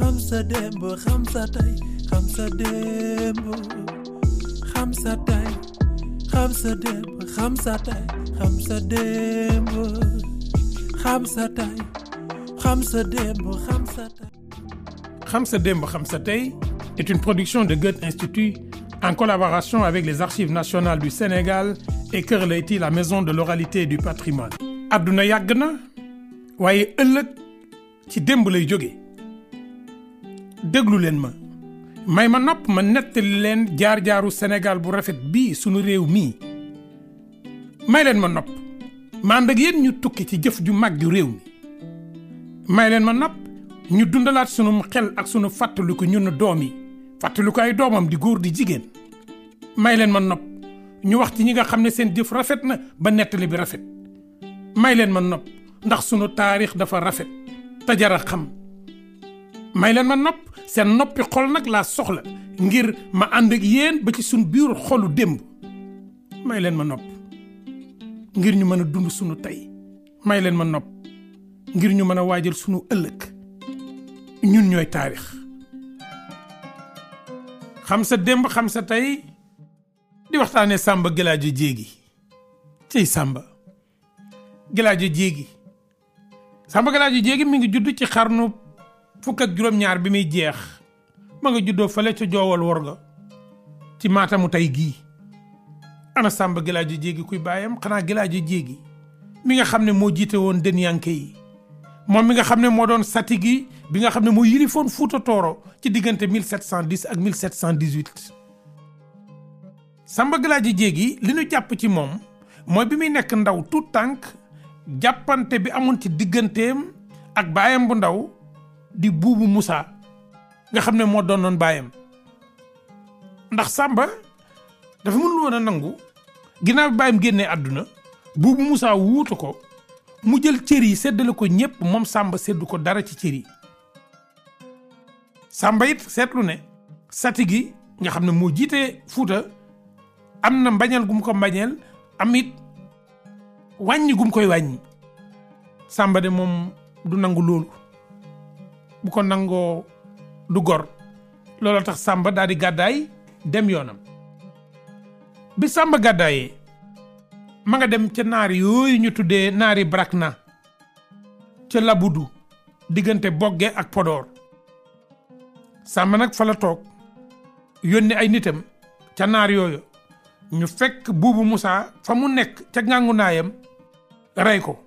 xam sa démb xam xam sa démb xam xam sa tey xam production de Goethe Institut en collaboration avec les Archives nationales du Sénégal et Kër Leyti la maison de l'oralité et du patrimoine. àdduna yàgg na waaye ëllëg ci démb lay jóge déglu leen ma may ma nopp ma nettali leen jaar-jaaru Sénégal bu rafet bii sunu réew mii may leen ma nopp ma ànd ak ñu tukki ci jëf ju mag ju réew mi may leen ma nopp ñu dundalaat sunu xel ak sunu fàttaliku ñun doom yi fàttaliku ay doomam di góor di jigéen may leen ma nopp ñu wax ci ñi nga xam ne seen jëf rafet na ba nettali bi rafet may leen ma nopp ndax sunu taarix dafa rafet te jar a xam may leen ma nopp seen noppi xol nag laa soxla ngir ma ànd ak yéen ba ci suñ biir xolu démb may leen ma nopp ngir ñu mën a dund sunu tey may leen ma nopp ngir ñu mën a waajal sunu ëllëg ñun ñooy taarix xam sa démb xam sa tey di waxtaanee Samba Gelaajo Jéegi ciy Samba Gelaajo Jéegi Samba Gelaajo Jéegi mi ngi judd ci xarnu fukk ak juróom-ñaar bi muy jeex ma nga juddoo fale ca joowal wor ga ci maatamu tey gii ana sàmba gilaajo jéegi kuy baayam xanaa gilaajo jéegi mi nga xam ne moo jiite woon den yanke yi moom mi nga xam ne moo doon satigi bi nga xam ne moo yilifoon Fuuta Tooro ci diggante 1710 ak 1718 Samba Galaji Jéegi li ñu jàpp ci moom mooy bi muy nekk ndaw tout tànk jàppante bi amoon ci digganteem ak baayam bu ndaw di buubu Moussa nga xam ne moo doonoon baayam ndax Samba dafa mënul woon a nangu ginnaaw bi baayam génnee àdduna buubu Moussa wuutu ko mu jël cër yi seddale ko ñépp moom Samba seddu ko dara ci cër yi Samba seetlu ne satigi nga xam ne moo jiite Fuuta am na mbañeel gum ko mbañeel am it wàññi gu koy wàññi Samba de moom du nangu loolu bu ko nangoo du gor looloo tax sàmba daal gàddaay dem yoonam bi Samba gàddaayee ma nga dem ca naar yooyu ñu tuddee naari na ca Labudu diggante Bogge ak podoor Samba nag fa la toog yónni ay nitam ca naar yooyu ñu fekk buubu Moussa fa mu nekk ca ngàngu rey ko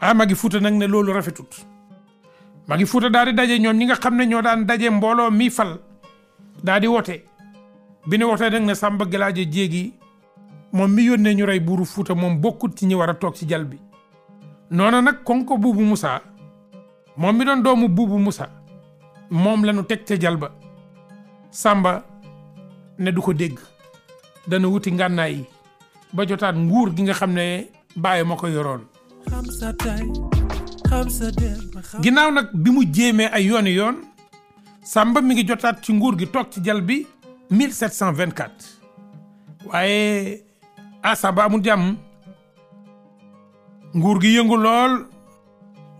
ama gi fuuta nag ne loolu rafetut ma ngi Fuuta daal di daje ñoom ñi nga xam ne ñoo daan daje mbooloo mi fal daal di wote bi ne wote nag ne sàmba Gelaajo Jéegi moom mi yónnee ñu rey buuru Fuuta moom bokkut ci ñi war a toog ci jal bi noona nag konko buubu Moussa moom mi doon doomu buubu Moussa moom la ñu teg ca jal ba Samba ne du ko dégg dana wuti ngànnaay yi ba jotaat nguur gi nga xam ne bàyyi ma ko yoroon ginnaaw nag bi mu jéemee ay yooni yoon Samba mi ngi jotaat ci nguur gi toog ci jal bi 1724 waaye ah Samba amul jàmm nguur gi yëngu lool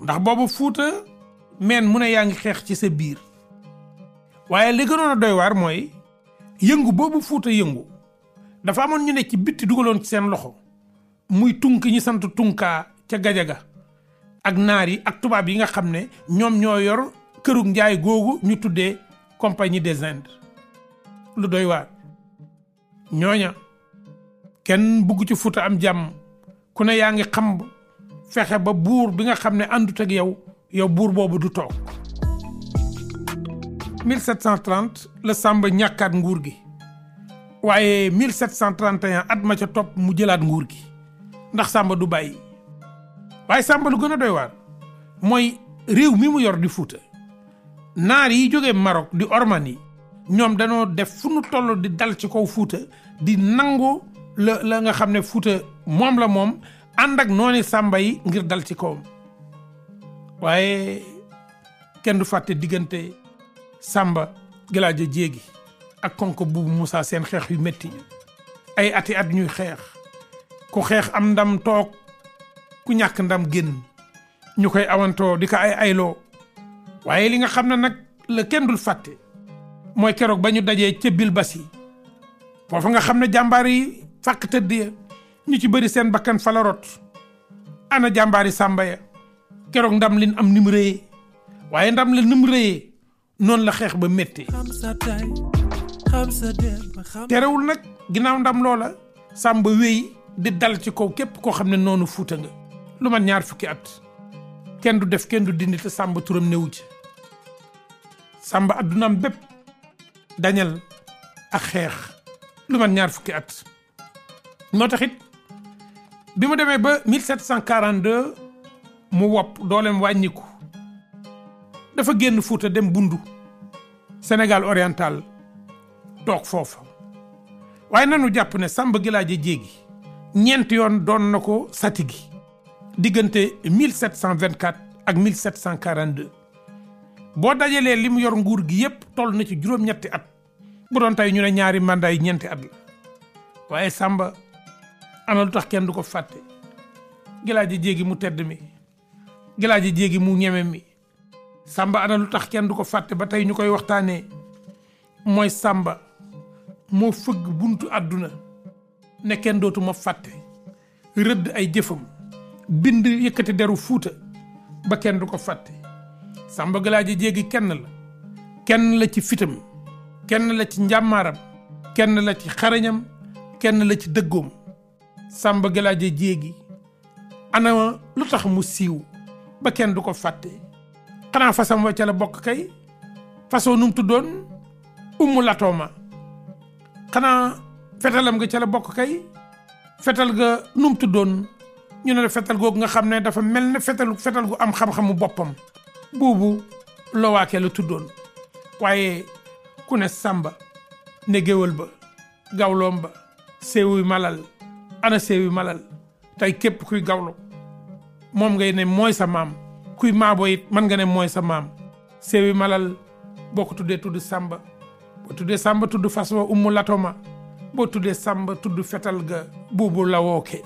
ndax boobu Fuuta meen mu ne yaa ngi xeex ci sa biir waaye li gënoon a doy waar mooy yëngu boobu Fuuta yëngu dafa amoon ñu ne ci bitti dugaloon ci seen loxo muy tunki ñi sant tunkaa ca Gajaga ak naar yi ak tubaab yi nga xam ne ñoom ñoo yor kërug njaay googu ñu tuddee compagnie des Indes lu doy waar ñooña kenn buggu ci Fuuta am jàmm ku ne yaa ngi xam fexe ba buur bi nga xam ne àndut ak yow yow buur boobu du toog 1730 la Samba ñàkkaat nguur gi waaye 1731 at ma ca topp mu jëlaat nguur gi ndax Samba du bàyyi waaye Samba lu gën a doy waar mooy réew mi mu yor di Fuuta naar yi jógee Maroc di orman yi ñoom danoo def fu nu toll di dal ci kaw Fuuta di nangu la la nga xam ne Fuuta moom la moom ànd ak noonu Samba yi ngir dal ci kawam waaye kenn du fàtte diggante sàmba Galaja Jéegi ak konko bu Moussa seen xeex yu metti ay ati at ñuy xeex ku xeex am ndam toog ku ñàkk ndam génn ñu koy awantoo di ko ay ayloo waaye li nga xam ne nag la kenn dul fàtte mooy keroog ba ñu dajee ca Bilbas yi nga xam ne jàmbaar yi fàq tëdd ya ñu ci bëri seen bakkan fa la ana jàmbaar yi sàmba ya keroog ndam lin am ni mu waaye ndam la ni mu noonu la xeex ba méttee terewul nag ginnaaw ndam loola sàmba wéy di dal ci kaw képp koo xam ne noonu fuuta nga lu man ñaar fukki at kenn du def kenn du dindi te sàmba turam newu ci sàmba addunaam bépp dañal ak xeex lu man ñaar fukki at moo tax bi mu demee ba 1742 mu wopp dooleem wàññiku dafa génn Fuuta dem Bundu Sénégal oriental toog foofa waaye nanu jàpp ne Samba Gilaaje Jéegi ñeent yoon doon na ko satigi diggante 1724 ak 1742 boo dajalee li mu yor nguur gi yëpp toll na ci juróom-ñetti at bu doon tey ñu ne ñaari mandat yi ñeenti at la waaye sàmba ana lu tax kenn du ko fàtte gilaaji jéegi mu tedd mi gilaaji jéegi mu ñeme mi Samba ana lu tax kenn du ko fàtte ba tey ñu koy waxtaanee mooy sàmba moo fëgg buntu àdduna ne kenn dootuma fàtte rëdd ay jëfam bind yëkkati deru fuuta ba kenn du ko fàtte Samba Galaaji Jéegi kenn la kenn la ci fitam kenn la ci njàmmaaram kenn la ci xarañam kenn la ci dëggoom Samba Galaaji Jéegi ana lu tax mu siiw ba kenn du ko fàtte xanaa fasam wa ca la bokk kay façon num tuddoon ummu latooma xanaa fetalam nga ca la bokk kay fetal ga num tuddoon ñu ne la fetal googu nga xam ne dafa mel ne fetal fetal gu am xam-xamu boppam buubu lowaake la tuddoon waaye ku ne sàmba ne géwal ba gawloom ba séewi malal ana séewi malal tey képp kuy gawlo moom ngay ne mooy sa maam kuy maabo it mën nga ne mooy sa maam séewi malal boo ko tuddee tudd sàmba boo tuddee sàmba tudd fas wa ummu latoma boo tuddee sàmba tudd fetal ga buubu lawooke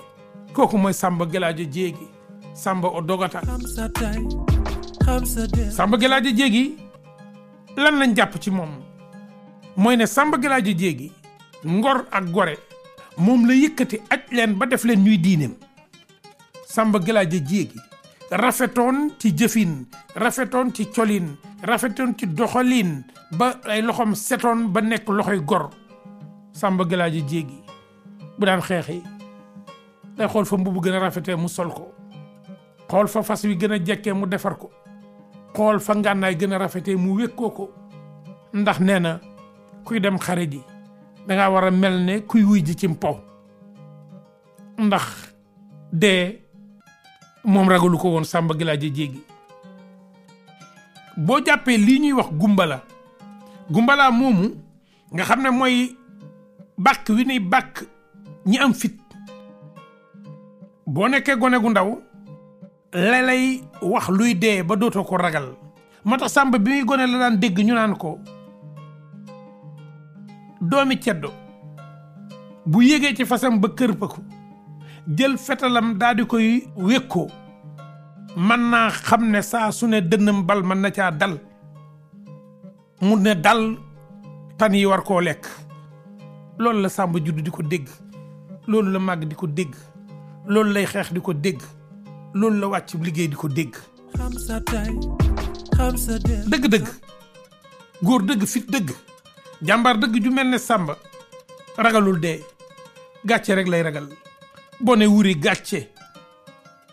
kooku mooy sàmba Gelaajo Jéegi Samba o dogata Gelaajo Jéegi lan lañ jàpp ci moom mooy ne Samba Gelaajo Jéegi ngor ak gore moom la yëkkati aj leen ba def leen ñuy diineem Samba Gelaajo Jéegi rafetoon ci jëfin rafetoon ci colin rafetoon ci doxalin ba ay loxoom setoon ba nekk loxoy gor Samba Gelaajo Jéegi bu daan xeexi day xool fa mbubb gën a rafetee mu sol ko xool fa fas wi gën a jekkee mu defar ko xool fa ngànnaay gën a rafetee mu wékkoo ko ndax nee na kuy dem xare ji danga war a mel ne kuy wuy ji cim po ndax dee moom ragalu ko woon sàmba gilaaje jéegi boo jàppee lii ñuy wax gumbala gumbalaa moomu nga xam ne mooy bàkk wi nuy bàkk ñi am fit boo nekkee gone gu ndaw la lay wax luy dee ba dootoo ko ragal moo tax sàmb bi muy gone la daan dégg ñu naan ko doomi ceddo bu yégee ci fasam ba kër paku jël fetalam daal di koy wékkoo mën naa xam ne saa su ne dënnam bal mën na caa dal mu ne dal tan yi war koo lekk loolu la sàmb judd di ko dégg loolu la màgg di ko dégg loolu lay xeex di ko dégg loolu la wàcc liggéey di ko dégg. dëgg-dëgg góor dëgg fit dëgg jàmbaar dëgg ju mel ne sàmba ragalul dee gàcce rek lay ragal bone wuri gàcce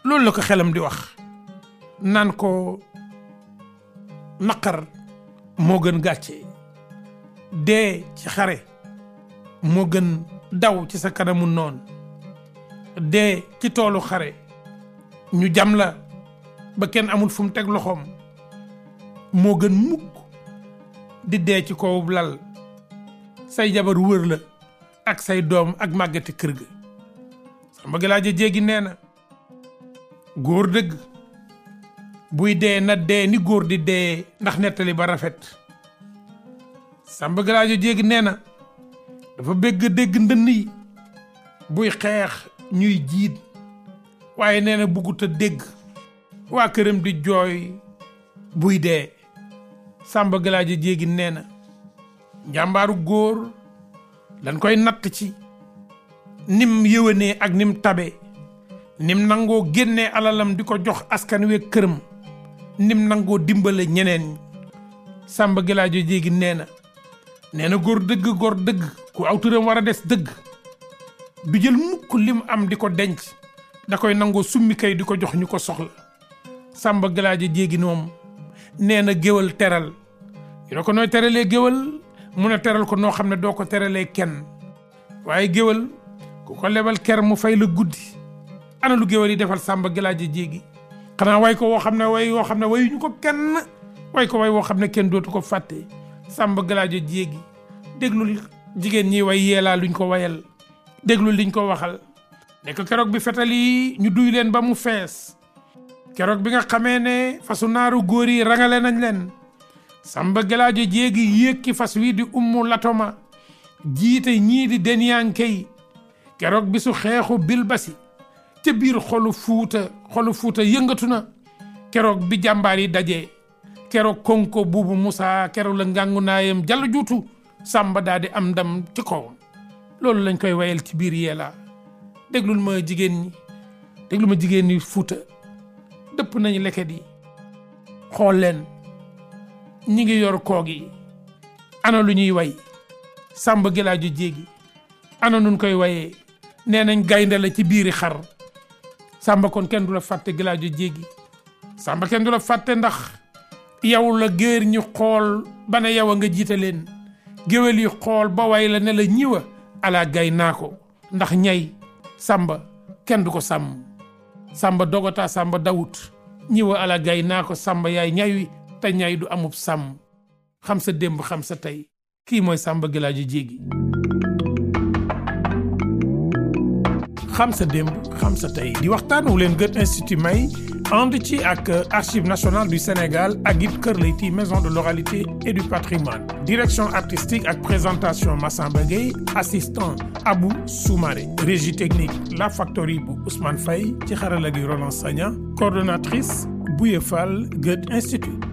loolu la ko xelam di wax naan ko naqar moo gën gàcce dee ci xare moo gën daw ci sa kanamu noon dee ci toolu xare ñu jam la ba kenn amul fum teg loxoom moo gën mukk di dee ci kawub lal say jabar wër la ak say doom ak màggati kër ga Samba Jéegi nee na góor dëgg buy dee na dee ni góor di dee ndax nettali ba rafet Samba Galaaj Jéegi nee na dafa bëgg dégg ndënd yi buy xeex ñuy jiit waaye nee na bëggut a dégg waa këram di jooy buy dee Samba Galaajo jéegi nee na njàmbaaru góor dañ koy natt ci nim yëwanee ak nim tabe nim nangoo génnee alalam di ko jox askan wi këram nim nangoo dimbale ñeneen Samba Galaajo jéegi nee na nee na góor dëgg góor dëgg ku aw turam war a des dëgg du jël mukk lim am di ko denc da koy nangoo summi kay di ko jox ñu ko soxla sàmba galaaja jéegi noom nee na géwal teral yoo ko nooy teralee géwal mun a teral ko noo xam ne doo ko teralee kenn waaye géwal ku ko lebal ker mu fay la guddi ana lu géwal yi defal sàmba galaaja jéegi xanaa way ko woo xam ne way yoo xam ne wayuñu ko kenn way ko way woo xam ne kenn dootu ko fàtte sàmba galaaja jéegi déglul jigéen ñi way yeelaa luñ ko wayal déglu liñ ko waxal ne ko keroog bi fetal ñu duy leen ba mu fees keroog bi nga xamee ne fasu naaru góor yi rangale nañ leen samba gelaajo jéegi yéeg ki fas wi di ummu latoma jiite ñii di denyanke yi keroog bisu su xeexu bilbasi ca biir xolu fuuta yëngatu na keroog bi jàmbaar yi dajee keroog konko buubu Moussa keroog la ngàngu naayam jàll juutu samba daa di am ndam ci kawam loolu lañ koy wayal ci biir yeelaa déglul ma jigéen ñi déglu ma jigéen ñi fuuta dëpp nañu leket yi xool leen ñi ngi yor koog yi ana lu ñuy way sàmb gilaaju jéegi ana nun koy wayee nee nañ gaynde la ci biiri xar sàmba kon kenn du la fàtte gilaaju jéegi sàmba kenn du la fàtte ndax yow la géer ñu xool ba ne yow a nga jiite leen géwél yi xool ba way la ne la ñiwa alaa gay naa ko ndax ñay sàmba kenn du ko sàmm sàmba dogota sàmba dawut ñiwa alaa gay naa ko sàmba yaay ñay wi te ñay du amub sàmm xam sa démb xam sa tey kii mooy sàmba gilaajo jéegi xam sa démb xam sa tey di waxtaan wu leen Goethe may ànd ci ak archives nationales du Sénégal ak it Kër Leyti maison de l'oralité et du patrimoine direction artistique ak présentation Massamba Gueye assistant Abou Soumaré régie technique la Factory bu Ousmane Faye ci xarala gi Roland Sagna coordonnatrice Bouye Fall Institut